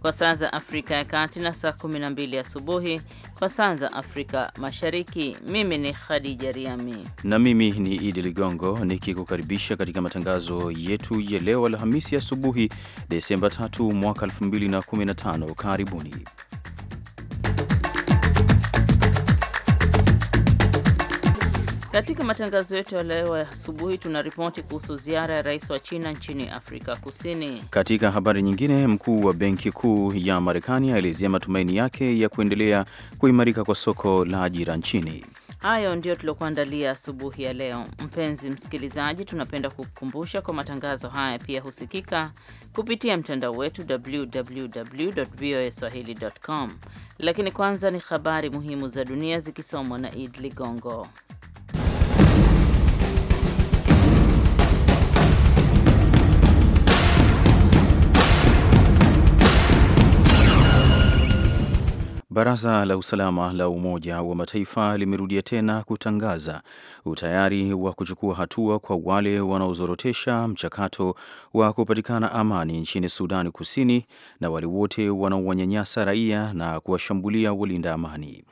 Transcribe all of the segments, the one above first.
kwa saa za Afrika ya Kati na saa 12 asubuhi kwa saa za Afrika Mashariki. Mimi ni Khadija Riami na mimi ni Idi Ligongo nikikukaribisha katika matangazo yetu ya leo Alhamisi asubuhi, Desemba 3 mwaka 2015. Karibuni. Katika matangazo yetu ya leo ya asubuhi tuna ripoti kuhusu ziara ya rais wa China nchini Afrika Kusini. Katika habari nyingine, mkuu wa benki kuu ya Marekani aelezea matumaini yake ya kuendelea kuimarika kwa soko la ajira nchini. Hayo ndiyo tuliokuandalia asubuhi ya leo. Mpenzi msikilizaji, tunapenda kukukumbusha kwa matangazo haya pia husikika kupitia mtandao wetu www.voaswahili.com. Lakini kwanza ni habari muhimu za dunia zikisomwa na Id Ligongo. Baraza la Usalama la Umoja wa Mataifa limerudia tena kutangaza utayari wa kuchukua hatua kwa wale wanaozorotesha mchakato wa kupatikana amani nchini Sudani Kusini na wale wote wanaowanyanyasa raia na kuwashambulia walinda amani.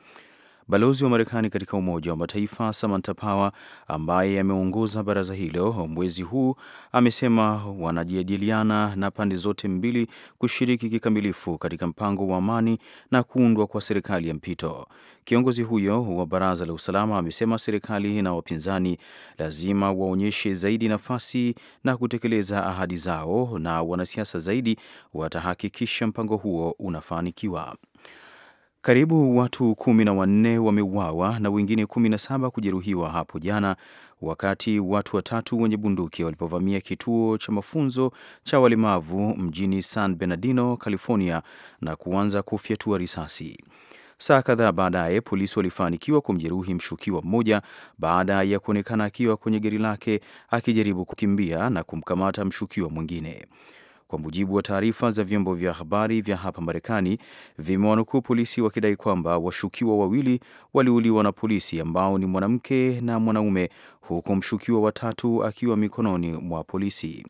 Balozi wa Marekani katika Umoja wa Mataifa Samantha Power ambaye ameongoza baraza hilo mwezi huu amesema wanajadiliana na pande zote mbili kushiriki kikamilifu katika mpango wa amani na kuundwa kwa serikali ya mpito. Kiongozi huyo wa Baraza la Usalama amesema serikali na wapinzani lazima waonyeshe zaidi nafasi na kutekeleza ahadi zao na wanasiasa zaidi watahakikisha mpango huo unafanikiwa. Karibu watu kumi na wanne wameuawa na wengine kumi na saba kujeruhiwa hapo jana wakati watu watatu wenye bunduki walipovamia kituo cha mafunzo cha walemavu mjini San Bernardino, California na kuanza kufyatua risasi. Saa kadhaa baadaye polisi walifanikiwa kumjeruhi mshukiwa mmoja baada ya kuonekana akiwa kwenye gari lake akijaribu kukimbia na kumkamata mshukiwa mwingine kwa mujibu wa taarifa za vyombo vya habari vya hapa Marekani, vimewanukuu polisi wakidai kwamba washukiwa wawili waliuliwa na polisi ambao ni mwanamke na mwanaume, huku mshukiwa watatu akiwa mikononi mwa polisi.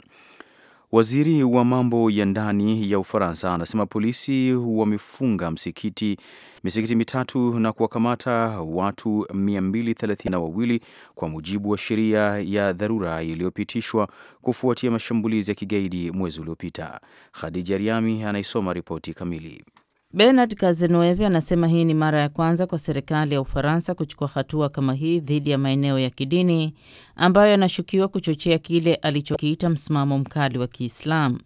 Waziri wa mambo ya ndani ya Ufaransa anasema polisi wamefunga msikiti misikiti mitatu na kuwakamata watu 232 kwa mujibu wa sheria ya dharura iliyopitishwa kufuatia mashambulizi ya kigaidi mwezi uliopita. Khadija Riami anaisoma ripoti kamili. Bernard Cazeneuve anasema hii ni mara ya kwanza kwa serikali ya Ufaransa kuchukua hatua kama hii dhidi ya maeneo ya kidini ambayo yanashukiwa kuchochea kile alichokiita msimamo mkali wa Kiislamu.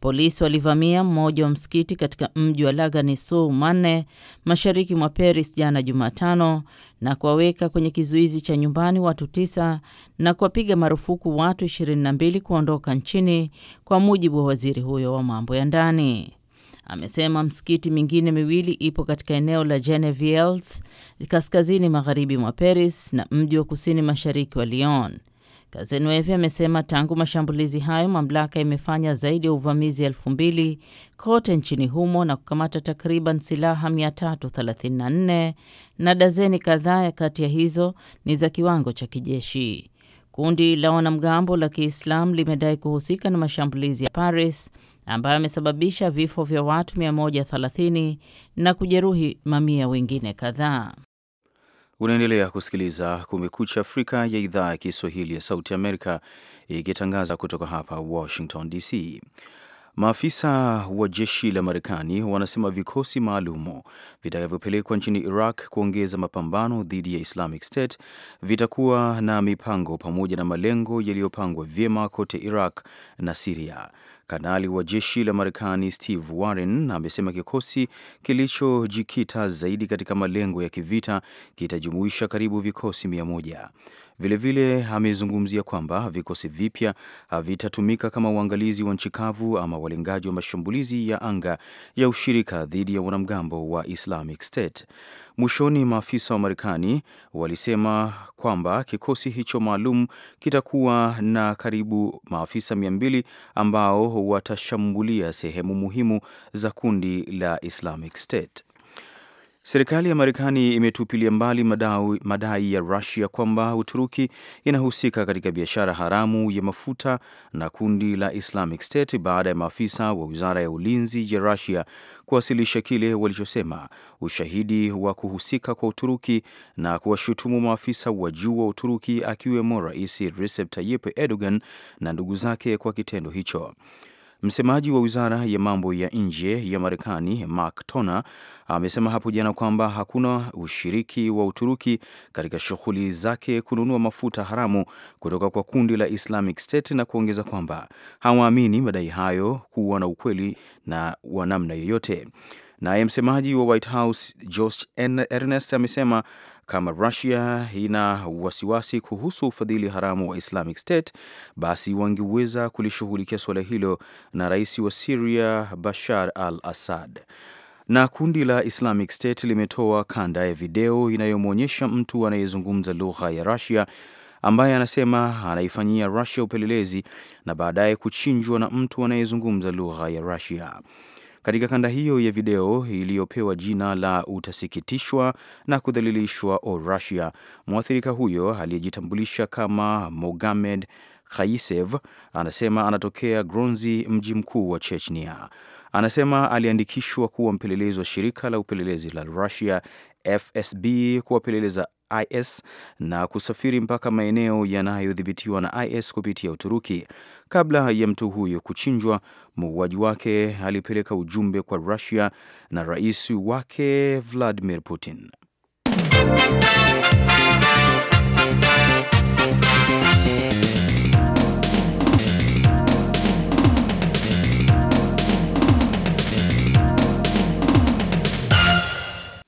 Polisi walivamia mmoja wa msikiti katika mji wa Laganisu Manne, mashariki mwa Paris jana Jumatano, na kuwaweka kwenye kizuizi cha nyumbani watu tisa na kuwapiga marufuku watu 22 kuondoka nchini, kwa mujibu wa waziri huyo wa mambo ya ndani. Amesema msikiti mingine miwili ipo katika eneo la Genevilles kaskazini magharibi mwa Paris na mji wa kusini mashariki wa Lyon. Kazenuevi amesema tangu mashambulizi hayo mamlaka imefanya zaidi ya uvamizi elfu mbili kote nchini humo na kukamata takriban silaha 334 na dazeni kadhaa ya kati ya hizo ni za kiwango cha kijeshi. Kundi la wanamgambo la Kiislamu limedai kuhusika na mashambulizi ya Paris ambayo amesababisha vifo vya watu 130 na kujeruhi mamia wengine kadhaa. Unaendelea kusikiliza Kumekucha Afrika ya idhaa ya Kiswahili ya Sauti Amerika ikitangaza kutoka hapa Washington DC. Maafisa wa jeshi la Marekani wanasema vikosi maalumu vitakavyopelekwa nchini Iraq kuongeza mapambano dhidi ya Islamic State vitakuwa na mipango pamoja na malengo yaliyopangwa vyema kote Iraq na Siria. Kanali wa jeshi la Marekani Steve Warren amesema kikosi kilichojikita zaidi katika malengo ya kivita kitajumuisha karibu vikosi mia moja. Vilevile amezungumzia kwamba vikosi vipya vitatumika kama uangalizi wa nchi kavu ama walengaji wa mashambulizi ya anga ya ushirika dhidi ya wanamgambo wa Islamic State. Mwishoni, maafisa wa Marekani walisema kwamba kikosi hicho maalum kitakuwa na karibu maafisa 200 ambao watashambulia sehemu muhimu za kundi la Islamic State. Serikali ya Marekani imetupilia mbali madai, madai ya Rusia kwamba Uturuki inahusika katika biashara haramu ya mafuta na kundi la Islamic State baada ya maafisa wa wizara ya ulinzi ya Rusia kuwasilisha kile walichosema ushahidi wa kuhusika kwa Uturuki na kuwashutumu maafisa wa juu wa Uturuki akiwemo Rais Recep Tayyip Erdogan na ndugu zake kwa kitendo hicho. Msemaji wa wizara ya mambo ya nje ya Marekani Mark Toner amesema hapo jana kwamba hakuna ushiriki wa Uturuki katika shughuli zake kununua mafuta haramu kutoka kwa kundi la Islamic State na kuongeza kwamba hawaamini madai hayo kuwa na ukweli na wa namna yoyote. Naye msemaji wa White House Josh Ernest amesema kama Russia ina wasiwasi kuhusu ufadhili haramu wa Islamic State, basi wangeweza kulishughulikia suala hilo na rais wa Syria Bashar al-Assad. Na kundi la Islamic State limetoa kanda ya video inayomwonyesha mtu anayezungumza lugha ya Russia ambaye anasema anaifanyia Russia upelelezi na baadaye kuchinjwa na mtu anayezungumza lugha ya Russia. Katika kanda hiyo ya video iliyopewa jina la utasikitishwa na kudhalilishwa o Russia, mwathirika huyo aliyejitambulisha kama Mogamed Khaisev anasema anatokea Gronzi, mji mkuu wa Chechnia. Anasema aliandikishwa kuwa mpelelezi wa shirika la upelelezi la Russia FSB kuwapeleleza IS na kusafiri mpaka maeneo yanayodhibitiwa na IS kupitia Uturuki. Kabla ya mtu huyo kuchinjwa, muuaji wake alipeleka ujumbe kwa Russia na rais wake Vladimir Putin.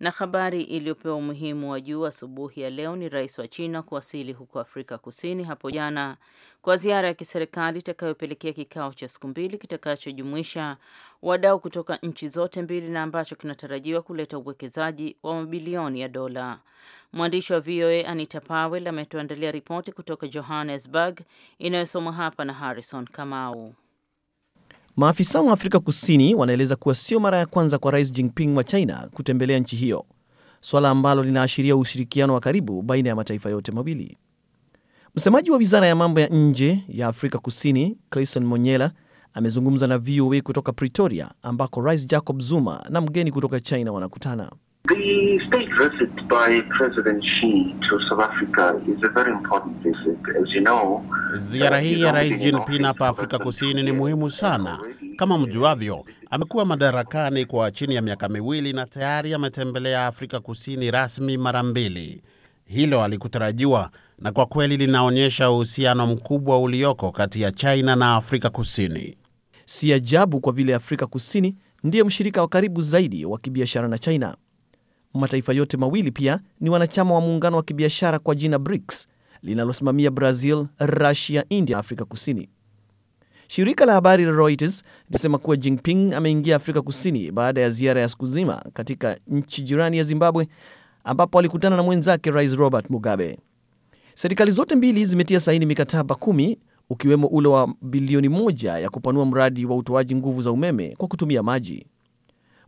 Na habari iliyopewa umuhimu wa juu asubuhi ya leo ni rais wa China kuwasili huko Afrika Kusini hapo jana kwa ziara ya kiserikali itakayopelekea kikao cha siku mbili kitakachojumuisha wadau kutoka nchi zote mbili na ambacho kinatarajiwa kuleta uwekezaji wa mabilioni ya dola. Mwandishi wa VOA Anita Powell ametuandalia ripoti kutoka Johannesburg inayosomwa hapa na Harrison Kamau. Maafisa wa Afrika Kusini wanaeleza kuwa sio mara ya kwanza kwa Rais Jinping wa China kutembelea nchi hiyo, swala ambalo linaashiria ushirikiano wa karibu baina ya mataifa yote mawili. Msemaji wa wizara ya mambo ya nje ya Afrika Kusini Clayson Monyela amezungumza na VOA kutoka Pretoria ambako Rais Jacob Zuma na mgeni kutoka China wanakutana. The state visit by President Xi to South Africa is a very important visit. As you know, ziara uh, hii ya Rais Jinping hapa Afrika Kusini ni muhimu uh, sana. Kama mjuavyo, amekuwa madarakani kwa chini ya miaka miwili na tayari ametembelea Afrika Kusini rasmi mara mbili. Hilo alikutarajiwa na kwa kweli linaonyesha uhusiano mkubwa ulioko kati ya China na Afrika Kusini. Si ajabu kwa vile Afrika Kusini ndiye mshirika wa karibu zaidi wa kibiashara na China. Mataifa yote mawili pia ni wanachama wa muungano wa kibiashara kwa jina BRICS linalosimamia Brazil, Russia, India na Afrika Kusini. Shirika la habari la Reuters linasema kuwa Jinping ameingia Afrika Kusini baada ya ziara ya siku nzima katika nchi jirani ya Zimbabwe ambapo alikutana na mwenzake Rais Robert Mugabe. Serikali zote mbili zimetia saini mikataba kumi ukiwemo ule wa bilioni moja ya kupanua mradi wa utoaji nguvu za umeme kwa kutumia maji.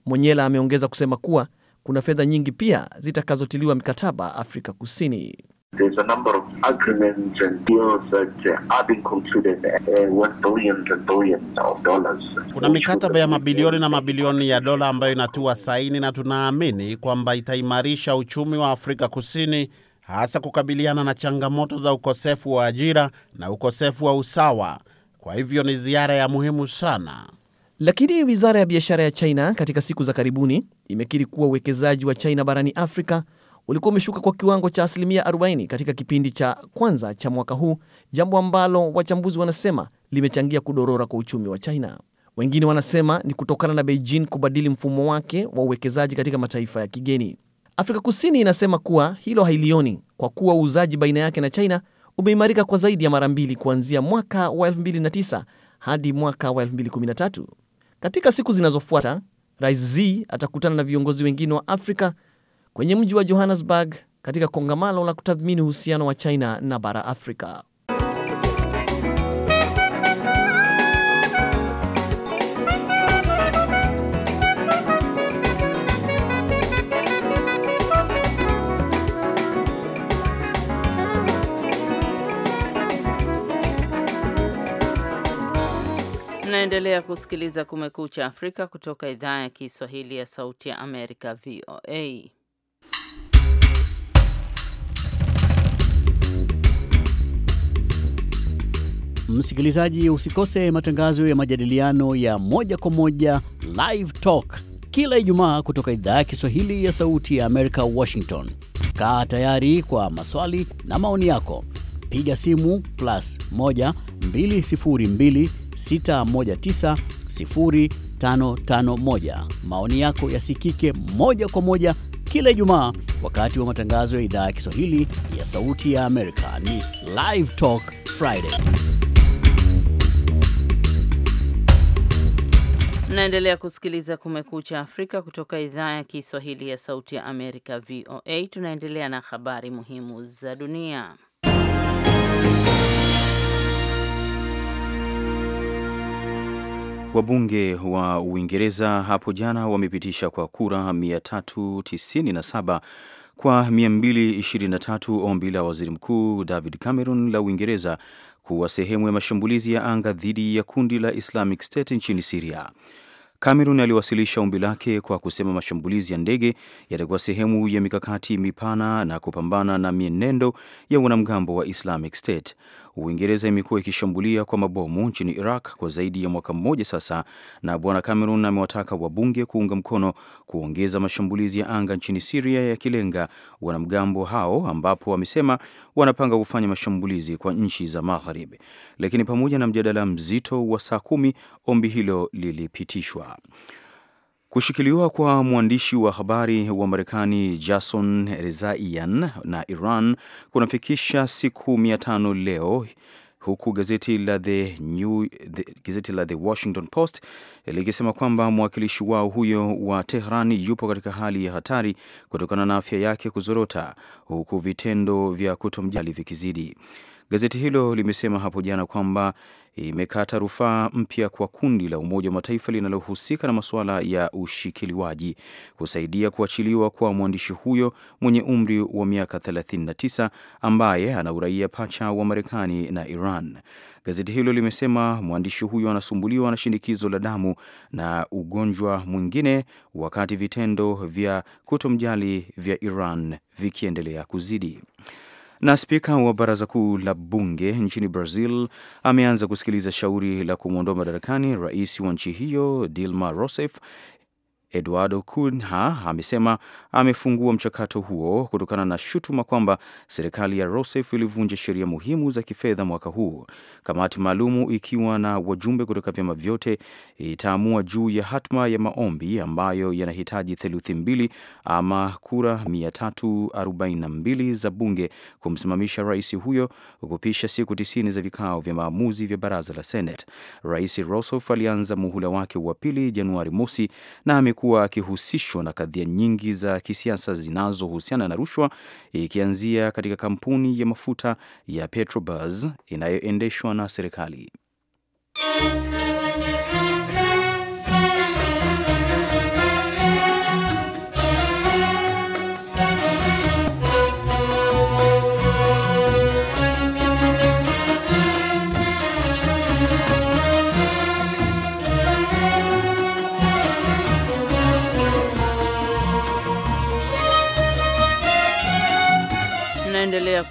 Mwenyela ameongeza kusema kuwa kuna fedha nyingi pia zitakazotiliwa mikataba Afrika Kusini. Uh, uh, kuna mikataba ya mabilioni na mabilioni ya dola ambayo inatua saini na tunaamini kwamba itaimarisha uchumi wa Afrika Kusini hasa kukabiliana na changamoto za ukosefu wa ajira na ukosefu wa usawa. Kwa hivyo ni ziara ya muhimu sana. Lakini wizara ya biashara ya China katika siku za karibuni imekiri kuwa uwekezaji wa China barani Afrika ulikuwa umeshuka kwa kiwango cha asilimia 40 katika kipindi cha kwanza cha mwaka huu, jambo ambalo wachambuzi wanasema limechangia kudorora kwa uchumi wa China. Wengine wanasema ni kutokana na Beijing kubadili mfumo wake wa uwekezaji katika mataifa ya kigeni. Afrika Kusini inasema kuwa hilo hailioni kwa kuwa uuzaji baina yake na China umeimarika kwa zaidi ya mara mbili kuanzia mwaka wa 2009 hadi mwaka wa 2013. Katika siku zinazofuata, Rais z atakutana na viongozi wengine wa Afrika kwenye mji wa Johannesburg katika kongamano la kutathmini uhusiano wa China na bara Afrika. Unaendelea kusikiliza Kumekucha Afrika kutoka idhaa ya Kiswahili ya Sauti ya Amerika, VOA. Msikilizaji, usikose matangazo ya majadiliano ya moja kwa moja, Live Talk, kila Ijumaa kutoka idhaa ya Kiswahili ya Sauti ya Amerika, Washington. Kaa tayari kwa maswali na maoni yako, piga simu plus 1 202 619 Maoni yako yasikike moja kwa moja kila Ijumaa wakati wa matangazo ya idhaa ya Kiswahili ya Sauti ya Amerika. Ni Live Talk Friday. Naendelea kusikiliza Kumekucha Afrika kutoka idhaa ya Kiswahili ya Sauti ya Amerika, VOA. Tunaendelea na habari muhimu za dunia. Wabunge wa Uingereza hapo jana wamepitisha kwa kura 397 kwa 223 ombi la waziri mkuu David Cameron la Uingereza kuwa sehemu ya mashambulizi ya anga dhidi ya kundi la Islamic State nchini Siria. Cameron aliwasilisha ombi lake kwa kusema mashambulizi ya ndege yatakuwa sehemu ya mikakati mipana na kupambana na mienendo ya wanamgambo wa Islamic State. Uingereza imekuwa ikishambulia kwa mabomu nchini Iraq kwa zaidi ya mwaka mmoja sasa, na Bwana Cameron amewataka wabunge kuunga mkono kuongeza mashambulizi ya anga nchini Siria yakilenga wanamgambo hao, ambapo amesema wanapanga kufanya mashambulizi kwa nchi za Magharibi. Lakini pamoja na mjadala mzito wa saa kumi, ombi hilo lilipitishwa. Kushikiliwa kwa mwandishi wa habari wa Marekani Jason Rezaian na Iran kunafikisha siku tano leo huku gazeti la The New, the, gazeti la The Washington Post likisema kwamba mwakilishi wao huyo wa Tehran yupo katika hali ya hatari kutokana na afya yake kuzorota huku vitendo vya kutomjali vikizidi. Gazeti hilo limesema hapo jana kwamba imekata rufaa mpya kwa kundi la Umoja wa Mataifa linalohusika na masuala ya ushikiliwaji kusaidia kuachiliwa kwa mwandishi huyo mwenye umri wa miaka 39 ambaye ana uraia pacha wa Marekani na Iran. Gazeti hilo limesema mwandishi huyo anasumbuliwa na shinikizo la damu na ugonjwa mwingine, wakati vitendo vya kutomjali vya Iran vikiendelea kuzidi. Na spika wa baraza kuu la bunge nchini Brazil ameanza kusikiliza shauri la kumwondoa madarakani rais wa nchi hiyo Dilma Rousseff Eduardo Cunha amesema amefungua mchakato huo kutokana na shutuma kwamba serikali ya Rousseff ilivunja sheria muhimu za kifedha mwaka huu. Kamati maalumu ikiwa na wajumbe kutoka vyama vyote itaamua juu ya hatma ya maombi ambayo yanahitaji theluthi mbili ama kura 342 za bunge kumsimamisha rais huyo kupisha siku tisini za vikao vya maamuzi vya baraza la Senate. Rais Rousseff alianza muhula wake wa pili Januari mosi na amekuwa amekuwa akihusishwa na kadhia nyingi za kisiasa zinazohusiana na rushwa, ikianzia katika kampuni ya mafuta ya Petrobras inayoendeshwa na serikali.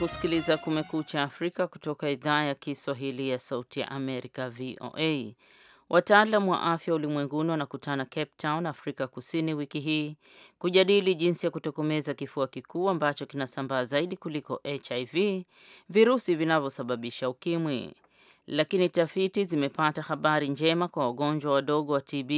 kusikiliza Kumekucha Afrika kutoka idhaa ya Kiswahili ya Sauti ya Amerika, VOA. Wataalam wa afya ulimwenguni wanakutana Cape Town, Afrika Kusini, wiki hii kujadili jinsi ya kutokomeza kifua kikuu ambacho kinasambaa zaidi kuliko HIV, virusi vinavyosababisha ukimwi. Lakini tafiti zimepata habari njema kwa wagonjwa wadogo wa TB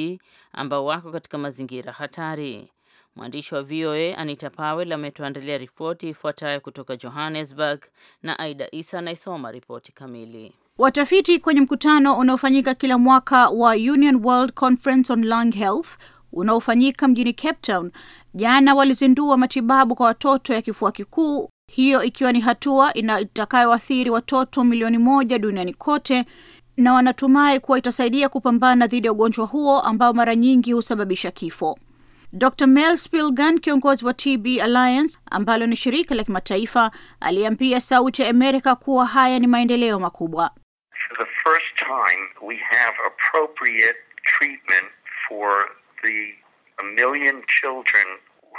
ambao wako katika mazingira hatari. Mwandishi wa VOA Anita Powell ametuandalia ripoti ifuatayo kutoka Johannesburg, na Aida Isa anaisoma ripoti kamili. Watafiti kwenye mkutano unaofanyika kila mwaka wa Union World Conference on Lung Health unaofanyika mjini Cape Town jana walizindua matibabu kwa watoto ya kifua kikuu, hiyo ikiwa ni hatua itakayoathiri watoto milioni moja duniani kote, na wanatumai kuwa itasaidia kupambana dhidi ya ugonjwa huo ambao mara nyingi husababisha kifo. Dr Mel Spilgan, kiongozi wa TB Alliance ambalo ni shirika la kimataifa, aliambia Sauti ya Amerika kuwa haya ni maendeleo makubwa. the first time we have appropriate treatment for the million children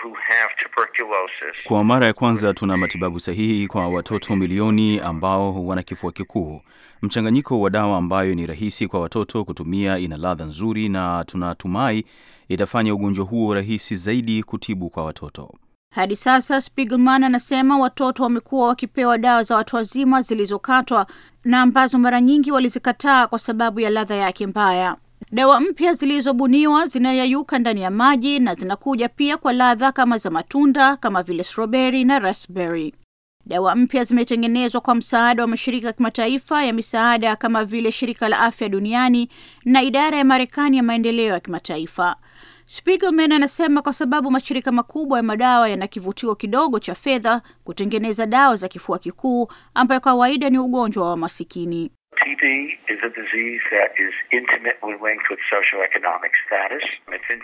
who have tuberculosis. Kwa mara ya kwanza tuna matibabu sahihi kwa watoto milioni ambao wana kifua kikuu. Mchanganyiko wa dawa ambayo ni rahisi kwa watoto kutumia ina ladha nzuri na tunatumai itafanya ugonjwa huo rahisi zaidi kutibu kwa watoto. Hadi sasa Spiegelman anasema watoto wamekuwa wakipewa dawa za watu wazima zilizokatwa na ambazo mara nyingi walizikataa kwa sababu ya ladha yake mbaya. Dawa mpya zilizobuniwa zinayayuka ndani ya maji na zinakuja pia kwa ladha kama za matunda kama vile strawberry na raspberry. Dawa mpya zimetengenezwa kwa msaada wa mashirika ya kimataifa ya misaada kama vile shirika la afya duniani na idara ya Marekani ya maendeleo ya kimataifa. Spiegelman anasema kwa sababu mashirika makubwa ya madawa yana kivutio kidogo cha fedha kutengeneza dawa za kifua kikuu ambayo kawaida ni ugonjwa wa masikini.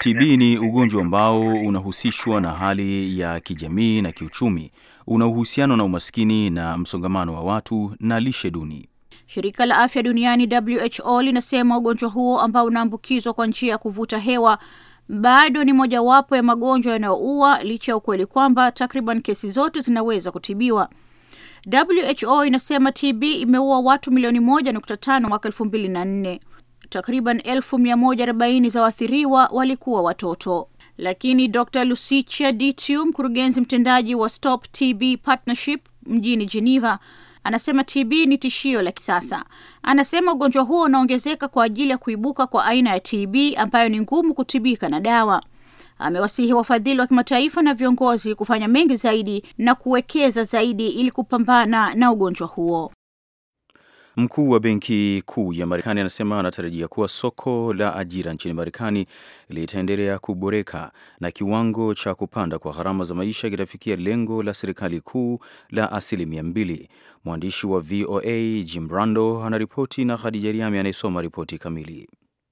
TB ni ugonjwa ambao unahusishwa na hali ya kijamii na kiuchumi, una uhusiano na umaskini na msongamano wa watu na lishe duni. Shirika la Afya Duniani WHO linasema ugonjwa huo ambao unaambukizwa kwa njia ya kuvuta hewa bado ni mojawapo ya magonjwa yanayoua licha ya ukweli kwamba takriban kesi zote zinaweza kutibiwa. WHO inasema TB imeua watu milioni moja mwaka 24 nne. Takriban 140 za waathiriwa walikuwa watoto. Lakini Dr lucicia dtu mkurugenzi mtendaji wa Stop TB Partnership mjini Geneva, Anasema TB ni tishio la kisasa. Anasema ugonjwa huo unaongezeka kwa ajili ya kuibuka kwa aina ya TB ambayo ni ngumu kutibika na dawa. Amewasihi wafadhili wa kimataifa na viongozi kufanya mengi zaidi na kuwekeza zaidi ili kupambana na ugonjwa huo. Mkuu wa benki kuu ya Marekani anasema anatarajia kuwa soko la ajira nchini Marekani litaendelea kuboreka na kiwango cha kupanda kwa gharama za maisha kitafikia lengo la serikali kuu la asilimia mbili. Mwandishi wa VOA Jim Brando anaripoti na Khadija Riami anayesoma ripoti kamili.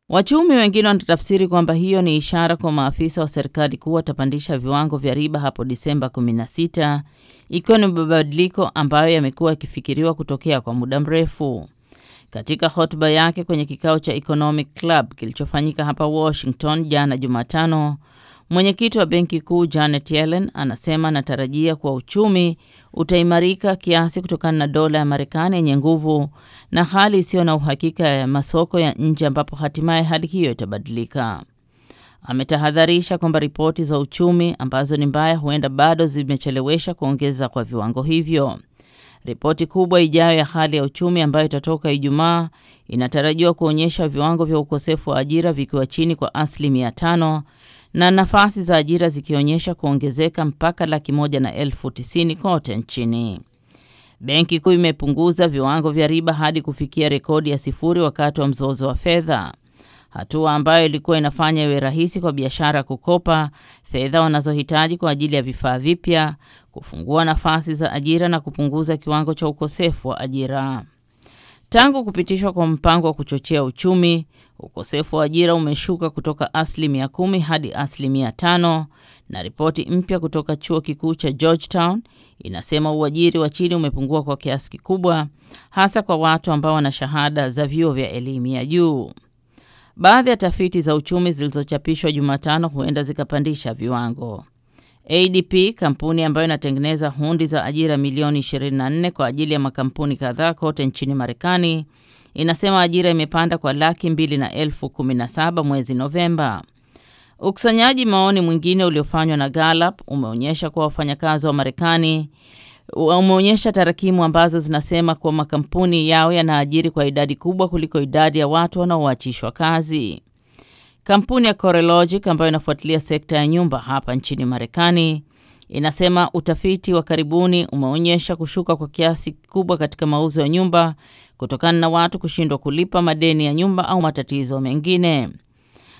Wachumi wengine wanatafsiri kwamba hiyo ni ishara kwa maafisa wa serikali kuu watapandisha viwango vya riba hapo Disemba 16 ikiwa ni mabadiliko ambayo yamekuwa yakifikiriwa kutokea kwa muda mrefu. Katika hotuba yake kwenye kikao cha Economic Club kilichofanyika hapa Washington jana Jumatano, mwenyekiti wa benki kuu Janet Yellen anasema anatarajia kuwa uchumi utaimarika kiasi kutokana na dola ya Marekani yenye nguvu na hali isiyo na uhakika ya masoko ya nje ambapo hatimaye hali hiyo itabadilika. Ametahadharisha kwamba ripoti za uchumi ambazo ni mbaya huenda bado zimechelewesha kuongeza kwa viwango hivyo. Ripoti kubwa ijayo ya hali ya uchumi ambayo itatoka Ijumaa inatarajiwa kuonyesha viwango vya ukosefu wa ajira vikiwa chini kwa asilimia tano na nafasi za ajira zikionyesha kuongezeka mpaka laki moja na elfu tisini kote nchini. Benki Kuu imepunguza viwango vya riba hadi kufikia rekodi ya sifuri wakati wa mzozo wa fedha hatua ambayo ilikuwa inafanya iwe rahisi kwa biashara kukopa fedha wanazohitaji kwa ajili ya vifaa vipya, kufungua nafasi za ajira na kupunguza kiwango cha ukosefu wa ajira. Tangu kupitishwa kwa mpango wa kuchochea uchumi, ukosefu wa ajira umeshuka kutoka asilimia kumi hadi asilimia tano, na ripoti mpya kutoka chuo kikuu cha Georgetown inasema uajiri wa chini umepungua kwa kiasi kikubwa, hasa kwa watu ambao wana shahada za vyuo vya elimu ya juu. Baadhi ya tafiti za uchumi zilizochapishwa Jumatano huenda zikapandisha viwango. ADP, kampuni ambayo inatengeneza hundi za ajira milioni 24 kwa ajili ya makampuni kadhaa kote nchini Marekani, inasema ajira imepanda kwa laki mbili na elfu kumi na saba mwezi Novemba. Ukusanyaji maoni mwingine uliofanywa na Gallup umeonyesha kuwa wafanyakazi wa Marekani umeonyesha tarakimu ambazo zinasema kuwa makampuni yao yanaajiri kwa idadi kubwa kuliko idadi ya watu wanaoachishwa kazi. Kampuni ya CoreLogic ambayo inafuatilia sekta ya nyumba hapa nchini Marekani inasema utafiti wa karibuni umeonyesha kushuka kwa kiasi kikubwa katika mauzo ya nyumba kutokana na watu kushindwa kulipa madeni ya nyumba au matatizo mengine.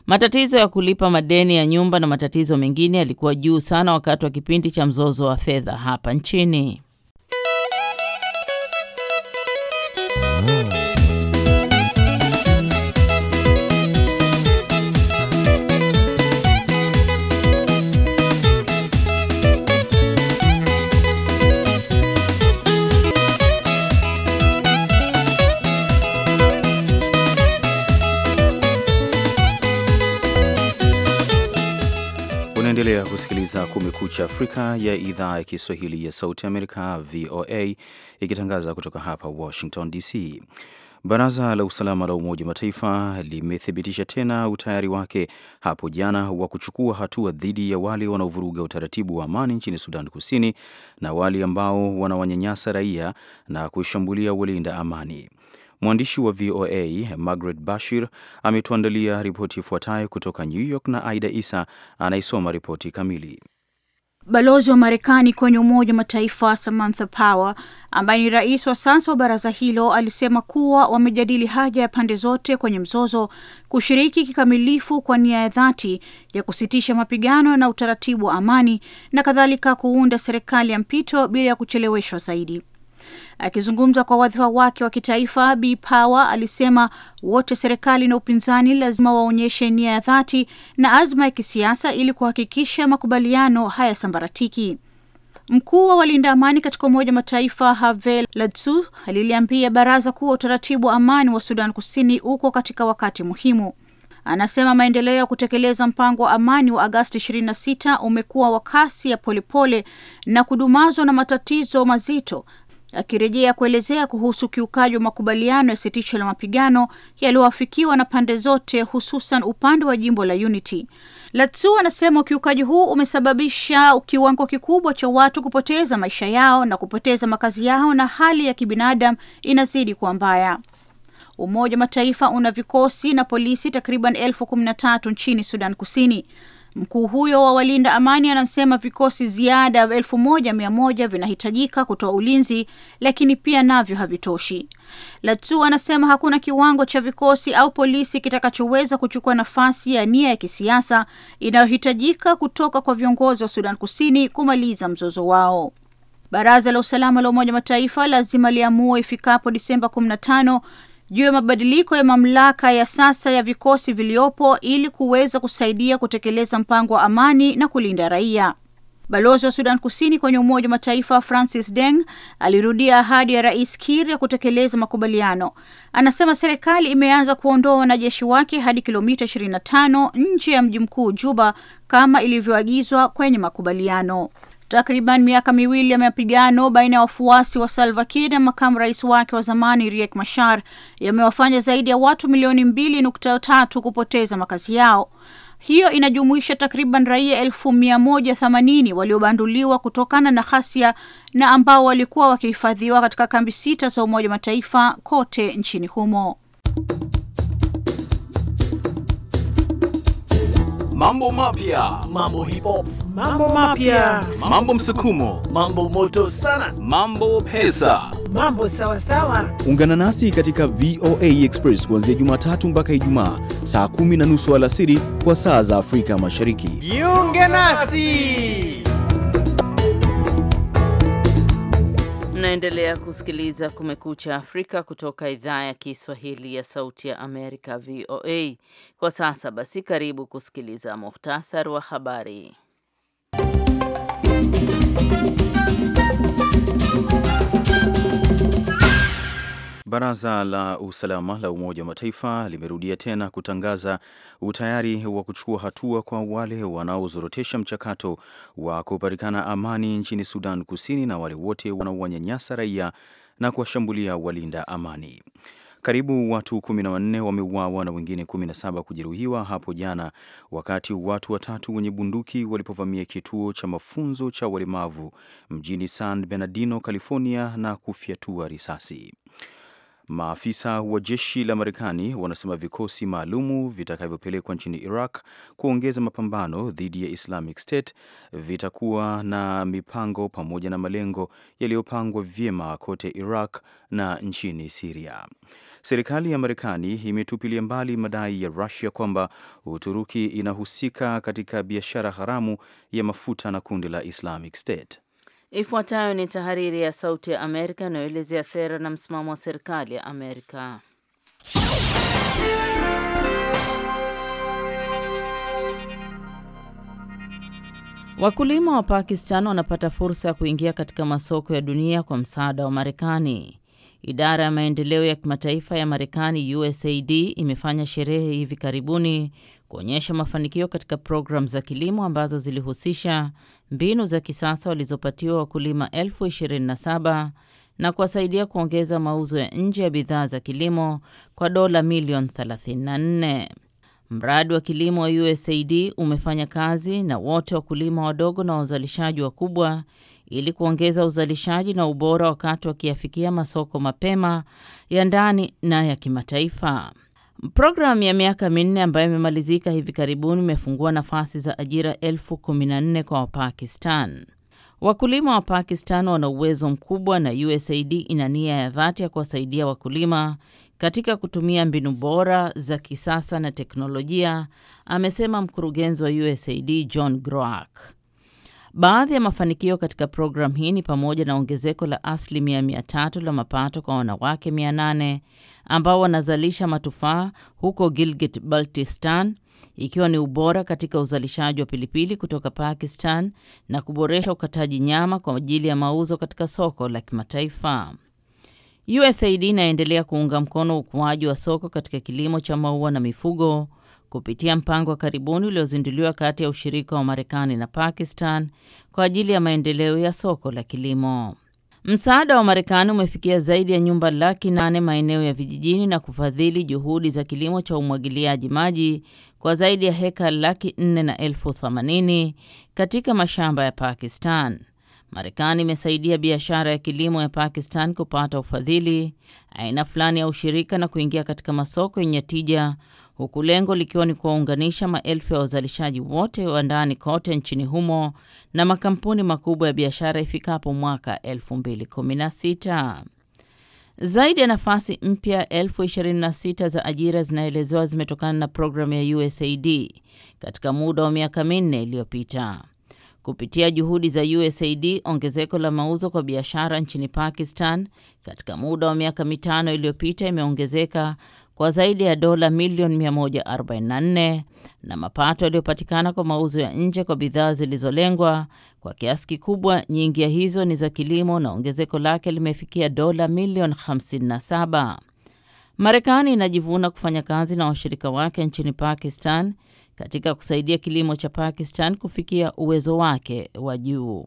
Matatizo ya kulipa madeni ya nyumba na matatizo mengine yalikuwa juu sana wakati wa kipindi cha mzozo wa fedha hapa nchini. Unaendelea kusikiliza Kumekucha Afrika ya idhaa ya Kiswahili ya Sauti Amerika, VOA, ikitangaza kutoka hapa Washington DC. Baraza la Usalama la Umoja wa Mataifa limethibitisha tena utayari wake hapo jana wa kuchukua hatua dhidi ya wale wanaovuruga utaratibu wa amani nchini Sudan Kusini na wale ambao wanawanyanyasa raia na kushambulia walinda amani. Mwandishi wa VOA Margaret Bashir ametuandalia ripoti ifuatayo kutoka New York na Aida Isa anaisoma ripoti kamili. Balozi wa Marekani kwenye Umoja wa Mataifa Samantha Power, ambaye ni rais wa sasa wa baraza hilo, alisema kuwa wamejadili haja ya pande zote kwenye mzozo kushiriki kikamilifu kwa nia ya dhati ya kusitisha mapigano na utaratibu wa amani na kadhalika, kuunda serikali ya mpito bila ya kucheleweshwa zaidi. Akizungumza kwa wadhifa wake wa kitaifa, b Power alisema wote, serikali na upinzani, lazima waonyeshe nia ya dhati na azma ya kisiasa ili kuhakikisha makubaliano hayasambaratiki. Mkuu wa walinda amani katika Umoja wa Mataifa have Ladsu aliliambia baraza kuwa utaratibu wa amani wa Sudan Kusini uko katika wakati muhimu. Anasema maendeleo ya kutekeleza mpango wa amani wa Agasti 26 umekuwa wa kasi ya polepole na kudumazwa na matatizo mazito akirejea kuelezea kuhusu ukiukaji wa makubaliano ya sitisho la mapigano yaliyoafikiwa na pande zote, hususan upande wa jimbo la Unity. Latsu anasema ukiukaji huu umesababisha kiwango kikubwa cha watu kupoteza maisha yao na kupoteza makazi yao, na hali ya kibinadamu inazidi kuwa mbaya. Umoja wa Mataifa una vikosi na polisi takriban elfu kumi na tatu nchini Sudan Kusini. Mkuu huyo wa walinda amani anasema vikosi ziada elfu moja mia moja vinahitajika kutoa ulinzi, lakini pia navyo havitoshi. Latu anasema hakuna kiwango cha vikosi au polisi kitakachoweza kuchukua nafasi ya nia ya kisiasa inayohitajika kutoka kwa viongozi wa Sudan Kusini kumaliza mzozo wao. Baraza la Usalama la Umoja Mataifa lazima liamue ifikapo Disemba 15 juu ya mabadiliko ya mamlaka ya sasa ya vikosi viliopo ili kuweza kusaidia kutekeleza mpango wa amani na kulinda raia. Balozi wa Sudan Kusini kwenye Umoja wa Mataifa Francis Deng alirudia ahadi ya Rais Kiir ya kutekeleza makubaliano. Anasema serikali imeanza kuondoa wanajeshi wake hadi kilomita 25 nje ya mji mkuu Juba kama ilivyoagizwa kwenye makubaliano. Takriban miaka miwili ya mapigano baina ya wafuasi wa Salva Kiir na makamu rais wake wa zamani Riek Machar yamewafanya zaidi ya watu milioni mbili nukta tatu kupoteza makazi yao. Hiyo inajumuisha takriban raia elfu mia moja themanini waliobanduliwa kutokana na ghasia na ambao walikuwa wakihifadhiwa katika kambi sita za Umoja wa Mataifa kote nchini humo. Mambo mapya, mambo hip hop mambo mapya, mambo msukumo, mambo moto sana, mambo pesa, mambo sawa sawa. Ungana nasi katika VOA Express kuanzia Jumatatu mpaka Ijumaa saa kumi na nusu alasiri kwa saa za Afrika Mashariki. Jiunge nasi. Mnaendelea kusikiliza Kumekucha Afrika kutoka idhaa ya Kiswahili ya Sauti ya Amerika, VOA. Kwa sasa basi, karibu kusikiliza muhtasari wa habari. Baraza la Usalama la Umoja wa Mataifa limerudia tena kutangaza utayari wa kuchukua hatua kwa wale wanaozorotesha mchakato wa kupatikana amani nchini Sudan Kusini na wale wote wanaowanyanyasa raia na kuwashambulia walinda amani. Karibu watu 14 wameuawa na wengine 17 kujeruhiwa hapo jana wakati watu watatu wenye bunduki walipovamia kituo cha mafunzo cha walemavu mjini San Bernardino, California na kufyatua risasi. Maafisa wa jeshi la Marekani wanasema vikosi maalumu vitakavyopelekwa nchini Iraq kuongeza mapambano dhidi ya Islamic State vitakuwa na mipango pamoja na malengo yaliyopangwa vyema kote Iraq na nchini Siria. Serikali ya Marekani imetupilia mbali madai ya Rusia kwamba Uturuki inahusika katika biashara haramu ya mafuta na kundi la Islamic State. Ifuatayo ni tahariri ya Sauti ya Amerika inayoelezea sera na msimamo wa serikali ya Amerika. Wakulima wa Pakistan wanapata fursa ya kuingia katika masoko ya dunia kwa msaada wa Marekani. Idara ya maendeleo ya kimataifa ya Marekani, USAID, imefanya sherehe hivi karibuni kuonyesha mafanikio katika programu za kilimo ambazo zilihusisha mbinu za kisasa walizopatiwa wakulima elfu 27 na kuwasaidia kuongeza mauzo ya nje ya bidhaa za kilimo kwa dola milioni 34. Mradi wa kilimo wa USAID umefanya kazi na wote wakulima wadogo na wazalishaji wakubwa ili kuongeza uzalishaji na ubora wakati wakiyafikia masoko mapema ya ndani na ya kimataifa. Programu ya miaka minne ambayo imemalizika hivi karibuni imefungua nafasi za ajira elfu kumi na nne kwa Wapakistan. Wakulima wa Pakistan wana uwezo mkubwa na USAID ina nia ya dhati ya kuwasaidia wakulima katika kutumia mbinu bora za kisasa na teknolojia, amesema mkurugenzi wa USAID John Groak. Baadhi ya mafanikio katika programu hii ni pamoja na ongezeko la asilimia mia tatu la mapato kwa wanawake mia nane ambao wanazalisha matufaa huko Gilgit Baltistan, ikiwa ni ubora katika uzalishaji wa pilipili kutoka Pakistan na kuboresha ukataji nyama kwa ajili ya mauzo katika soko la kimataifa. USAID inaendelea kuunga mkono ukuaji wa soko katika kilimo cha maua na mifugo kupitia mpango wa karibuni uliozinduliwa kati ya ushirika wa Marekani na Pakistan kwa ajili ya maendeleo ya soko la kilimo. Msaada wa Marekani umefikia zaidi ya nyumba laki nane maeneo ya vijijini na kufadhili juhudi za kilimo cha umwagiliaji maji kwa zaidi ya heka laki nne na elfu themanini katika mashamba ya Pakistan. Marekani imesaidia biashara ya kilimo ya Pakistan kupata ufadhili, aina fulani ya ushirika na kuingia katika masoko yenye tija huku lengo likiwa ni kuwaunganisha maelfu ya wazalishaji wote wa ndani kote nchini humo na makampuni makubwa ya biashara ifikapo mwaka 2016. Zaidi ya nafasi mpya 26 za ajira zinaelezewa zimetokana na programu ya USAID katika muda wa miaka minne iliyopita. Kupitia juhudi za USAID, ongezeko la mauzo kwa biashara nchini Pakistan katika muda wa miaka mitano iliyopita imeongezeka kwa zaidi ya dola milioni 144 na mapato yaliyopatikana kwa mauzo ya nje kwa bidhaa zilizolengwa kwa kiasi kikubwa, nyingi ya hizo ni za kilimo na ongezeko lake limefikia dola milioni 57. Marekani inajivuna kufanya kazi na washirika wake nchini Pakistan katika kusaidia kilimo cha Pakistan kufikia uwezo wake wa juu.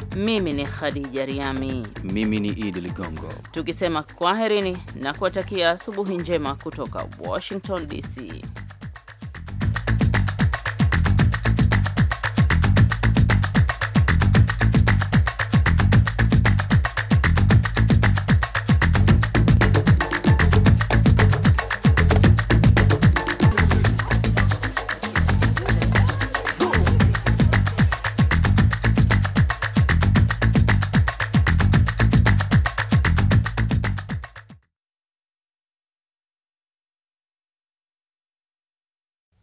mimi ni Khadija Riami, mimi ni Idi Ligongo, tukisema kwaherini na kuwatakia asubuhi njema kutoka Washington DC.